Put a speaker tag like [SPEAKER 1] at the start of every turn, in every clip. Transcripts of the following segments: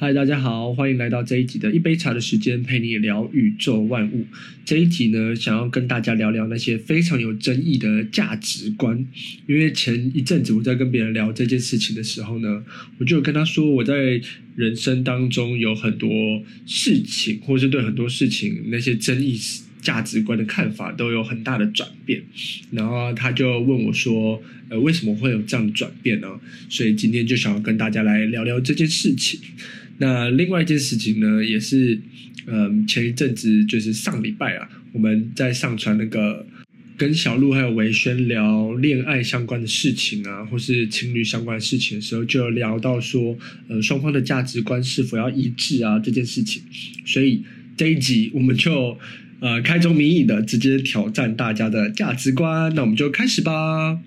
[SPEAKER 1] 嗨，Hi, 大家好，歡迎來到這一集的《一杯茶的時間》，陪你聊宇宙萬物。這一集呢，想要跟大家聊聊那些非常有爭議的價值觀。因為前一陣子我在跟別人聊這件事情的時候呢，我就有跟他說，我在人生當中有很多事情，或是對很多事情那些爭議價值觀的看法都有很大的轉變。然後他就問我說，呃，為什麼會有這樣的轉變呢？所以今天就想要跟大家來聊聊這件事情。那另外一件事情呢，也是，嗯，前一陣子就是上禮拜啊，我們在上傳那個跟小鹿還有維宣聊戀愛相關的事情啊，或是情侶相關的事情的時候，就聊到說，呃，雙方的價值觀是否要一致啊這件事情。所以這一集我們就，呃，開宗明義的直接挑戰大家的價值觀，那我們就開始吧。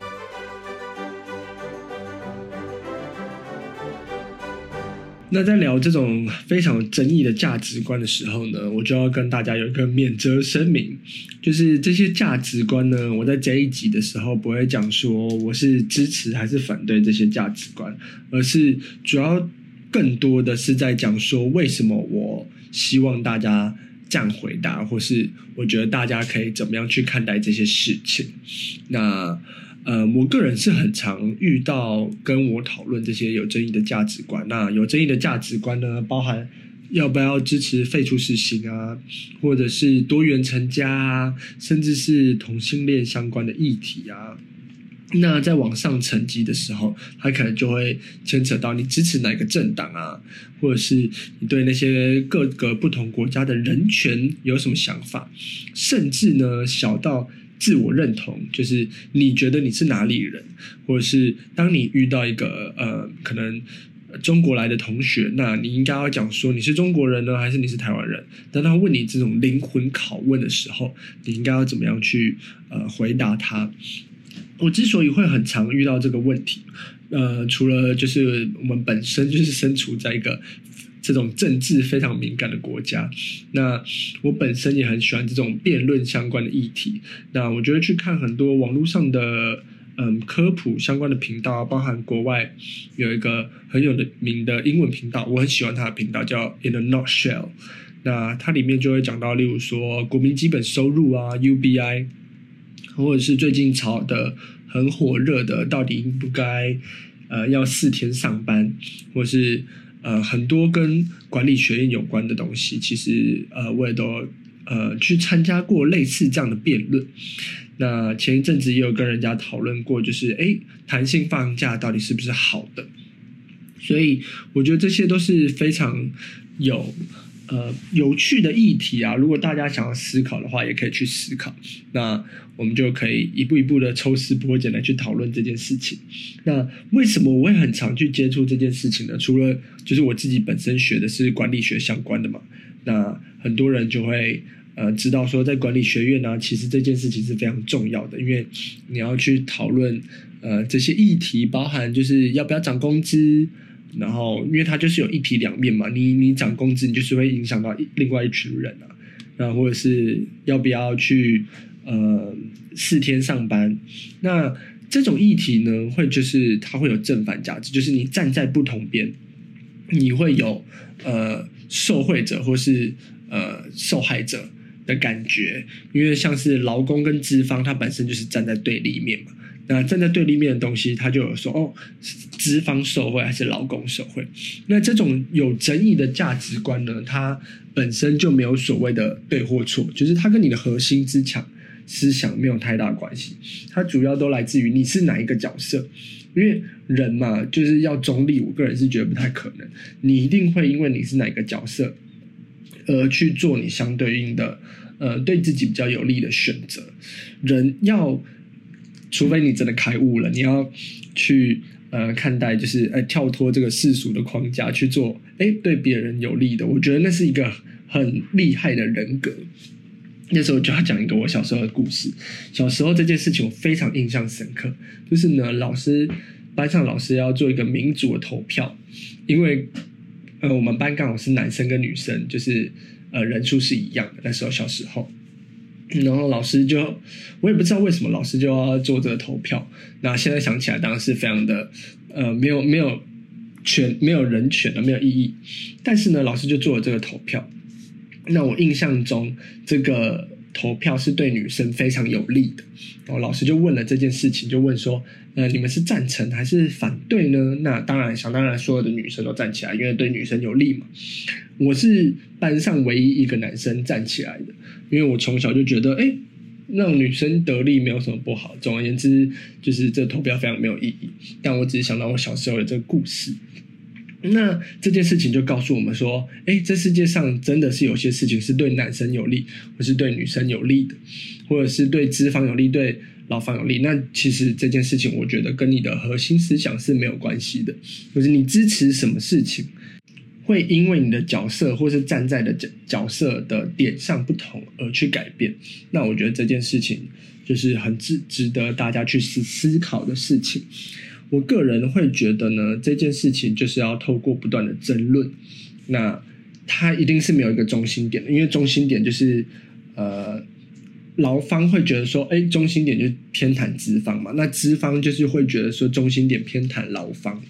[SPEAKER 1] 那在聊這種非常有爭議的價值觀的時候呢，我就要跟大家有一個免責聲明，就是這些價值觀呢，我在這一集的時候不會講說我是支持還是反對這些價值觀，而是主要更多的是在講說為什麼我希望大家這樣回答，或是我覺得大家可以怎麼樣去看待這些事情。那。呃，我個人是很常遇到跟我討論這些有爭議的價值觀。那有爭議的價值觀呢，包含要不要支持廢除死刑啊，或者是多元成家啊，甚至是同性戀相關的議題啊。那在往上層級的時候，它可能就會牽扯到你支持哪個政黨啊，或者是你對那些各個不同國家的人權有什麼想法，甚至呢，小到。自我認同，就是你覺得你是哪裡人，或者是當你遇到一個呃，可能中國來的同學，那你應該要講說你是中國人呢，還是你是台灣人？當他問你這種靈魂拷問的時候，你應該要怎麼樣去呃回答他。我之所以會很常遇到這個問題，呃，除了就是我們本身就是身處在一個，這種政治非常敏感的國家，那我本身也很喜歡這種辯論相關的議題。那我覺得去看很多網絡上的嗯科普相關的頻道，包含國外有一個很有名的英文頻道，我很喜歡它的頻道叫 In a Nutshell。那它裡面就會講到，例如說國民基本收入啊 （UBI），或者是最近炒得很火熱的，到底應不該呃要四天上班，或是。呃，很多跟管理學院有關的東西，其實呃，我也都呃去參加過類似這樣的辯論。那前一陣子也有跟人家討論過，就是欸，彈性放假到底是不是好的？所以我覺得這些都是非常有。呃，有趣的議題啊，如果大家想要思考的話，也可以去思考。那我們就可以一步一步的抽絲剝繭來去討論這件事情。那為什麼我會很常去接觸這件事情呢？除了就是我自己本身學的是管理學相關的嘛。那很多人就會呃知道說，在管理學院呢，啊，其實這件事情是非常重要的，因為你要去討論呃這些議題，包含就是要不要漲工資。然後，因為它就是有一體兩面嘛，你你漲工資，你就是會影響到另外一群人啊，那或者是要不要去呃四天上班？那這種議題呢，會就是它會有正反價值，就是你站在不同邊，你會有呃受惠者或是呃受害者的感覺，因為像是勞工跟資方，它本身就是站在對立面嘛。那站在對立面的東西，他就有說哦，是資方社會還是勞工社會？那這種有爭議的價值觀呢，它本身就沒有所謂的對或錯，就是它跟你的核心之強思想沒有太大關係。它主要都來自於你是哪一個角色，因為人嘛，就是要中立，我個人是覺得不太可能。你一定會因為你是哪個角色而去做你相對應的，呃，對自己比較有利的選擇。人要。除非你真的開悟了，你要去呃看待，就是呃跳脫這個世俗的框架去做，哎對別人有利的，我覺得那是一個很厲害的人格。那時候就要講一個我小時候的故事，小時候這件事情我非常印象深刻，就是呢老師班上老師要做一個民主的投票，因為呃我們班剛好是男生跟女生，就是呃人數是一樣的。那時候小時候。然後老師就，我也不知道為什麼老師就要做這個投票。那現在想起來，當然是非常的，呃，沒有沒有權，沒有人權的，沒有意義。但是呢，老師就做了這個投票。那我印象中這個。投票是對女生非常有利的，然後老師就問了這件事情，就問說，呃，你們是贊成還是反對呢？那當然，想當然，所有的女生都站起來，因為對女生有利嘛。我是班上唯一一個男生站起來的，因為我從小就覺得，哎，讓女生得利沒有什麼不好。總而言之，就是這投票非常沒有意義。但我只是想到我小時候的這個故事。那這件事情就告訴我們說，哎，這世界上真的是有些事情是對男生有利，或是對女生有利的，或者是對資方有利、對勞方有利。那其實這件事情，我覺得跟你的核心思想是沒有關係的，就是你支持什麼事情，會因為你的角色或是站在的角角色的點上不同而去改變。那我覺得這件事情就是很值值得大家去思思考的事情。我個人會覺得呢，這件事情就是要透過不斷的爭論，那它一定是沒有一個中心點的，因為中心點就是，呃，勞方會覺得說，哎，中心點就是偏袒資方嘛，那資方就是會覺得說中心點偏袒勞方，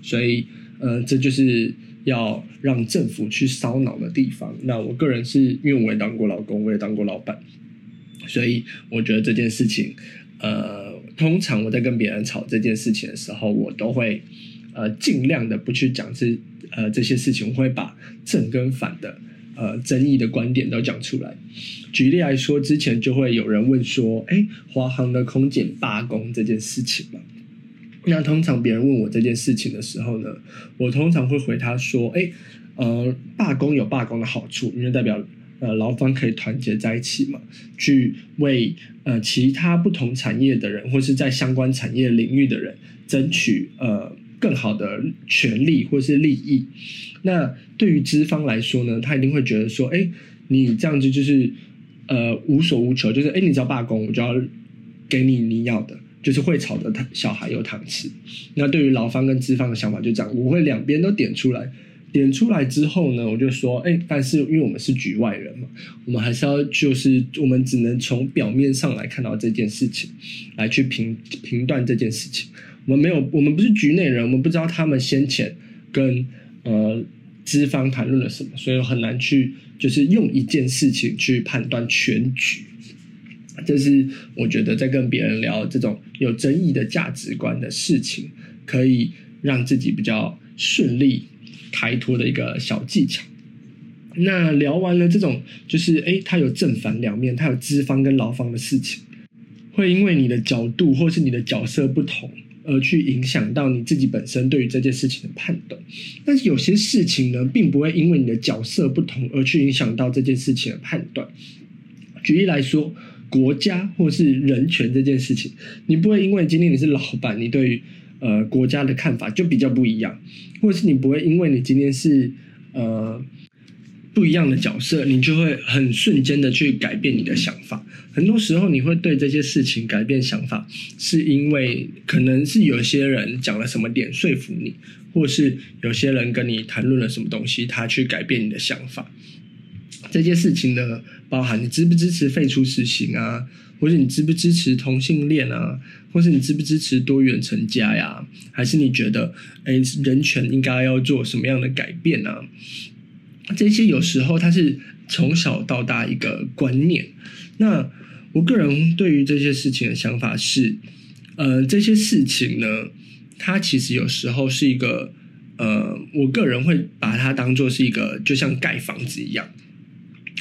[SPEAKER 1] 所以，呃，這就是要讓政府去燒腦的地方。那我個人是因為我也當過勞工，我也當過老闆，所以我覺得這件事情，呃。通常我在跟別人吵這件事情的時候，我都會，呃，盡量的不去講這呃這些事情，我會把正跟反的呃爭議的觀點都講出來。舉例來說，之前就會有人問說，哎、欸，華航的空姐罷工這件事情嘛？那通常別人問我這件事情的時候呢，我通常會回他說，哎、欸，呃，罷工有罷工的好處，因為代表。呃，勞方可以團結在一起嘛，去為呃其他不同產業的人，或是在相關產業領域的人，爭取呃更好的權利或是利益。那對於資方來說呢，他一定會覺得說，哎、欸，你這樣子就是呃無所無求，就是哎、欸，你只要罷工，我就要給你你要的，就是會吵的小孩有糖吃。那對於勞方跟資方的想法就這樣，我會兩邊都點出來。點出來之後呢，我就說，哎、欸，但是因為我們是局外人嘛，我們還是要就是我們只能從表面上來看到這件事情，來去評評斷這件事情。我們沒有，我們不是局內人，我們不知道他們先前跟呃資方談論了什麼，所以很難去就是用一件事情去判斷全局。這是我覺得在跟別人聊這種有爭議的價值觀的事情，可以讓自己比較順利。開脫的一個小技巧。那聊完了這種，就是哎，它有正反兩面，它有資方跟勞方的事情，會因為你的角度或是你的角色不同，而去影響到你自己本身對於這件事情的判斷。但是有些事情呢，並不會因為你的角色不同，而去影響到這件事情的判斷。舉例來說，國家或是人權這件事情，你不會因為今天你是老闆，你對於呃，國家的看法就比較不一樣，或是你不會因為你今天是呃不一樣的角色，你就會很瞬間的去改變你的想法。很多時候，你會對這些事情改變想法，是因為可能是有些人講了什麼點說服你，或是有些人跟你談論了什麼東西，他去改變你的想法。這些事情呢，包含你支不支持廢除死刑啊，或是你支不支持同性戀啊，或是你支不支持多元成家呀、啊，還是你覺得，哎，人權應該要做什麼樣的改變呢、啊？這些有時候它是從小到大一個觀念。那我個人對於這些事情的想法是，呃，這些事情呢，它其實有時候是一個，呃，我個人會把它當做是一個，就像蓋房子一樣。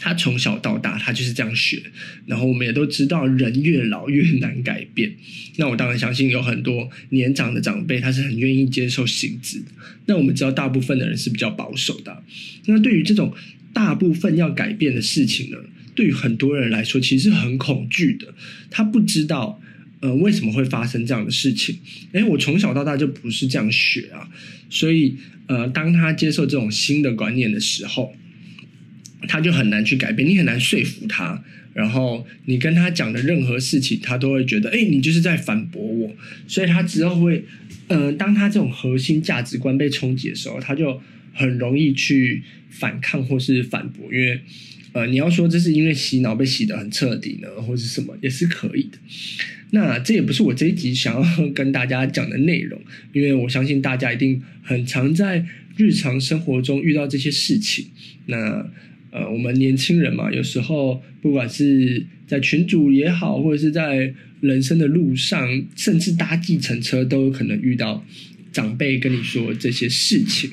[SPEAKER 1] 他從小到大，他就是這樣學。然後我們也都知道，人越老越難改變。那我當然相信有很多年長的長輩，他是很願意接受新知。那我們知道，大部分的人是比較保守的。那對於這種大部分要改變的事情呢，對於很多人來說，其實是很恐懼的。他不知道，呃，為什麼會發生這樣的事情？誒，我從小到大就不是這樣學啊。所以，呃，當他接受這種新的觀念的時候。他就很難去改變，你很難說服他。然後你跟他講的任何事情，他都會覺得，欸，你就是在反駁我。所以他之後會，嗯、呃，當他這種核心價值觀被衝擊的時候，他就很容易去反抗或是反駁。因為，呃，你要說這是因為洗腦被洗得很徹底呢，或是什麼，也是可以的。那這也不是我這一集想要跟大家講的內容，因為我相信大家一定很常在日常生活中遇到這些事情。那呃，我們年輕人嘛，有時候不管是在群組，也好，或者是在人生的路上，甚至搭計程車，都可能遇到長輩跟你說這些事情。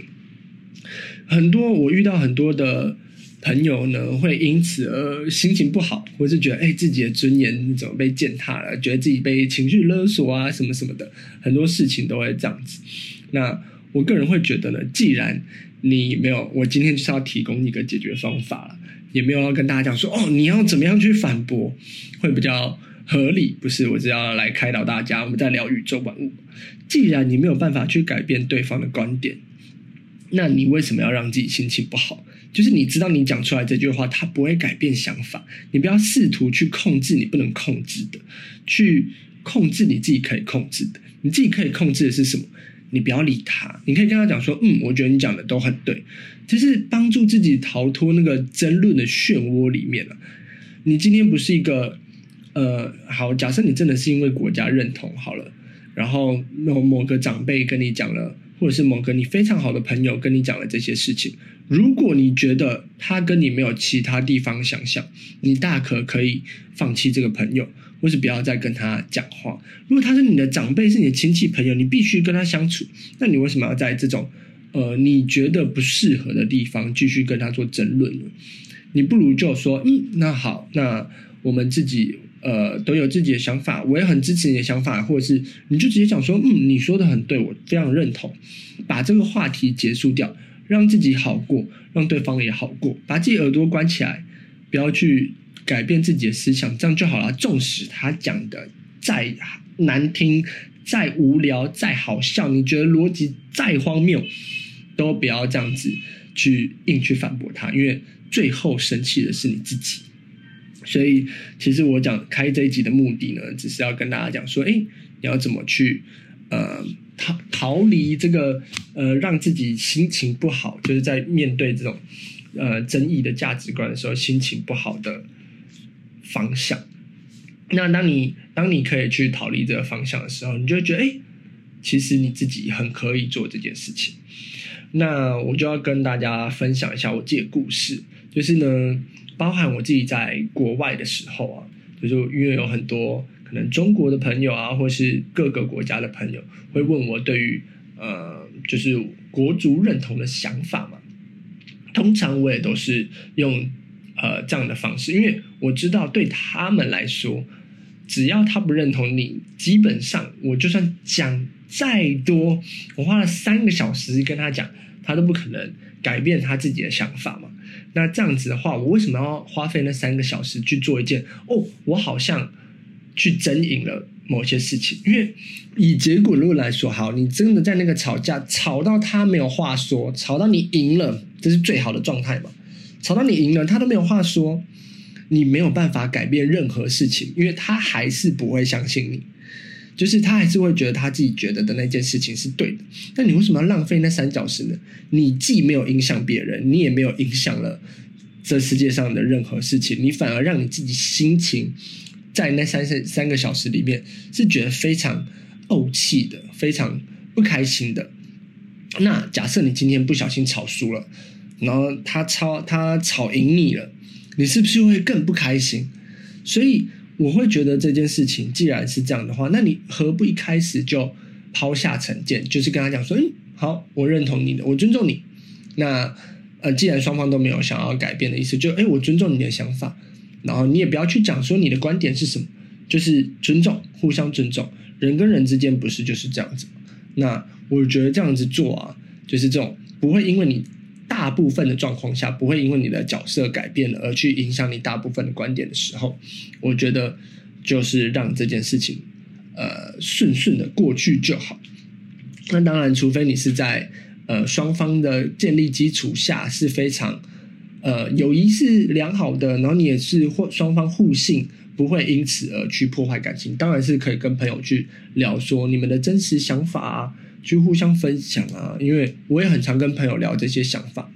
[SPEAKER 1] 很多我遇到很多的朋友呢，會因此而心情不好，或是覺得誒、欸，自己的尊嚴怎麼被踐踏了，覺得自己被情緒勒索啊，什麼什麼的，很多事情都會這樣子。那我個人會覺得呢，既然你沒有，我今天就是要提供一個解決方法了，也沒有要跟大家講說哦，你要怎麼樣去反駁會比較合理，不是？我是要來開導大家，我們在聊宇宙萬物。既然你沒有辦法去改變對方的觀點，那你為什麼要讓自己心情不好？就是你知道你講出來這句話，他不會改變想法，你不要試圖去控制你不能控制的，去控制你自己可以控制的。你自己可以控制的是什麼？你不要理他，你可以跟他講說，嗯，我覺得你講的都很對，就是幫助自己逃脫那個爭論的漩渦裡面了啊。你今天不是一個，呃，好，假設你真的是因為國家認同好了，然後某某個長輩跟你講了，或者是某個你非常好的朋友跟你講了這些事情，如果你覺得他跟你沒有其他地方想像，你大可可以放棄這個朋友。或是不要再跟他講話。如果他是你的長輩，是你的親戚朋友，你必須跟他相處，那你為什麼要在這種，呃，你覺得不適合的地方繼續跟他做爭論呢？你不如就說，嗯，那好，那我們自己呃都有自己的想法，我也很支持你的想法，或者是你就直接講說，嗯，你說的很對，我非常認同，把這個話題結束掉，讓自己好過，讓對方也好過，把自己耳朵關起來。不要去改變自己的思想，這樣就好了。縱使他講的再難聽、再無聊、再好笑，你覺得邏輯再荒謬，都不要這樣子去硬去反駁他，因為最後生氣的是你自己。所以，其實我講開這一集的目的呢，只是要跟大家講說，哎、欸，你要怎麼去呃逃逃離這個呃讓自己心情不好，就是在面對這種。呃，爭議的價值觀的時候，心情不好的方向。那當你當你可以去逃離這個方向的時候，你就會覺得，哎、欸，其實你自己很可以做這件事情。那我就要跟大家分享一下我自己的故事，就是呢，包含我自己在國外的時候啊，就是因為有很多可能中國的朋友啊，或是各個國家的朋友會問我對於呃，就是國族認同的想法嘛。通常我也都是用，呃，這樣的方式，因為我知道對他們來說，只要他不認同你，基本上我就算講再多，我花了三個小時跟他講，他都不可能改變他自己的想法嘛。那這樣子的話，我為什麼要花費那三個小時去做一件，哦，我好像。去爭贏了某些事情，因為以結果論來說，好，你真的在那個吵架，吵到他沒有話說，吵到你贏了，這是最好的狀態嘛。吵到你贏了，他都沒有話說，你沒有辦法改變任何事情，因為他還是不會相信你，就是他還是會覺得他自己覺得的那件事情是對的。那你為什麼要浪費那三小時呢？你既沒有影響別人，你也沒有影響了這世界上的任何事情，你反而讓你自己心情。在那三十三個小時裡面，是覺得非常慪氣的，非常不開心的。那假設你今天不小心吵輸了，然後他吵他吵贏你了，你是不是會更不開心？所以我會覺得這件事情既然是這樣的話，那你何不一開始就拋下成見，就是跟他講說：“嗯，好，我認同你的，我尊重你。那”那呃，既然雙方都沒有想要改變的意思，就哎，我尊重你的想法。然後你也不要去講說你的觀點是什麼，就是尊重，互相尊重，人跟人之間不是就是這樣子。那我覺得這樣子做啊，就是這種不會因為你大部分的狀況下，不會因為你的角色改變了而去影響你大部分的觀點的時候，我覺得就是讓這件事情，呃，順順的過去就好。那當然，除非你是在，呃，雙方的建立基礎下是非常。呃，友誼是良好的，然後你也是或雙方互信，不會因此而去破壞感情。當然是可以跟朋友去聊說你們的真實想法啊，去互相分享啊。因為我也很常跟朋友聊這些想法。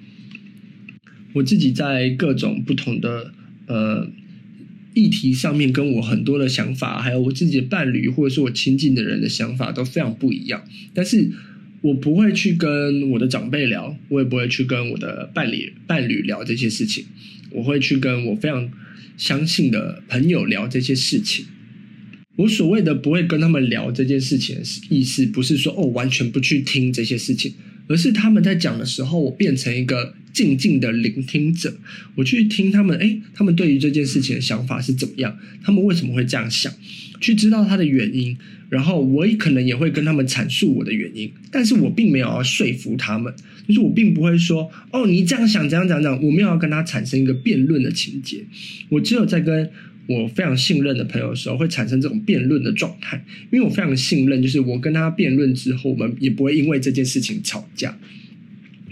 [SPEAKER 1] 我自己在各種不同的呃議題上面，跟我很多的想法，還有我自己的伴侶或者是我親近的人的想法都非常不一樣，但是。我不會去跟我的長輩聊，我也不會去跟我的伴侶伴侶聊這些事情，我會去跟我非常相信的朋友聊這些事情。我所謂的不會跟他們聊這件事情，意思不是說哦，完全不去聽這些事情。而是他們在講的時候，我變成一個靜靜的聆聽者，我去聽他們，哎，他們對於這件事情的想法是怎麼樣？他們為什麼會這樣想？去知道他的原因，然後我也可能也會跟他們闡述我的原因，但是我並沒有要說服他們，就是我並不會說，哦，你這樣想，怎樣怎樣怎樣，我沒有要跟他產生一個辯論的情節，我只有在跟。我非常信任的朋友的時候，會產生這種辯論的狀態，因為我非常信任，就是我跟他辯論之後，我們也不會因為這件事情吵架。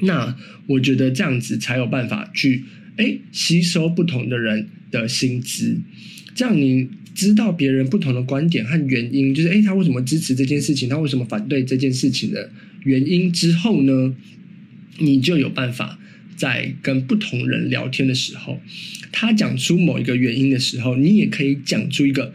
[SPEAKER 1] 那我覺得這樣子才有辦法去，哎，吸收不同的人的新知，這樣你知道別人不同的觀點和原因，就是哎，他為什麼支持這件事情，他為什麼反對這件事情的原因之後呢，你就有辦法。在跟不同人聊天的時候，他講出某一個原因的時候，你也可以講出一個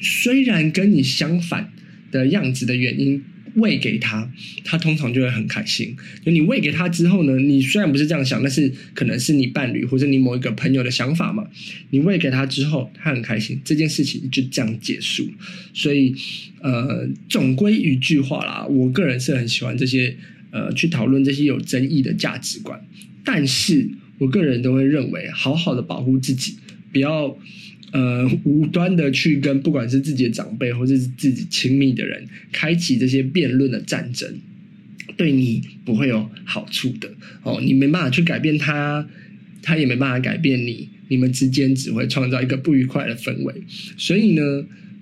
[SPEAKER 1] 雖然跟你相反的樣子的原因餵給他，他通常就會很開心。就你餵給他之後呢，你雖然不是這樣想，但是可能是你伴侶或者你某一個朋友的想法嘛。你餵給他之後，他很開心，這件事情就這樣結束。所以，呃，總歸一句話啦，我個人是很喜歡這些呃，去討論這些有爭議的價值觀。但是，我個人都會認為，好好的保護自己，不要，呃，無端的去跟不管是自己的長輩或者是自己親密的人開啟這些辯論的戰爭，對你不會有好處的。哦，你沒辦法去改變他，他也沒辦法改變你，你們之間只會創造一個不愉快的氛圍。所以呢。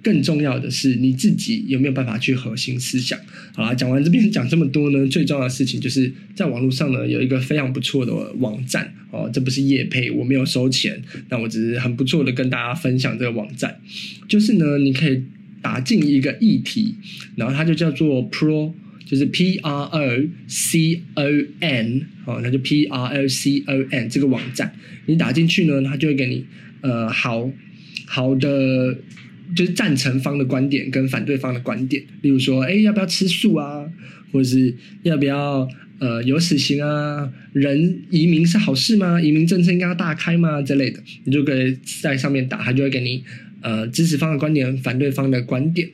[SPEAKER 1] 更重要的是，你自己有沒有辦法去核心思想？好啦，講完這邊講這麼多呢，最重要的事情就是在網絡上呢，有一個非常不錯的網站哦，這不是業配，我沒有收錢，但我只是很不錯的跟大家分享這個網站，就是呢，你可以打進一個議題，然後它就叫做 Pro，就是 P R O C O N 哦，那就 P R O C O N 這個網站，你打進去呢，它就會給你呃好好的。就是贊成方的觀點跟反對方的觀點，例如說，哎，要不要吃素啊？或者是要不要呃有死刑啊？人移民是好事嗎？移民政策應該要大開嗎？之類的，你就可以在上面打，它就會給你呃支持方的觀點，反對方的觀點。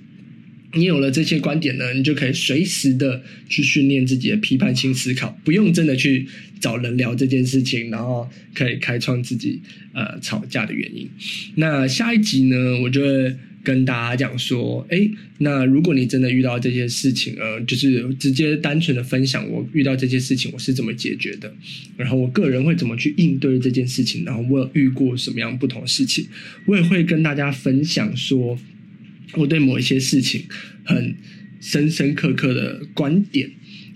[SPEAKER 1] 你有了這些觀點呢，你就可以隨時的去訓練自己的批判性思考，不用真的去找人聊這件事情，然後可以開創自己呃吵架的原因。那下一集呢，我就會跟大家講說，誒，那如果你真的遇到這些事情，呃，就是直接單純的分享我遇到這些事情我是怎麼解決的，然後我個人會怎麼去應對這件事情，然後我有遇過什麼樣不同的事情，我也會跟大家分享說。我對某一些事情很深深刻刻的觀點，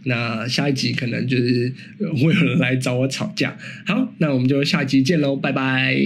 [SPEAKER 1] 那下一集可能就是會有人來找我吵架。好，那我們就下一集見嘍，拜拜。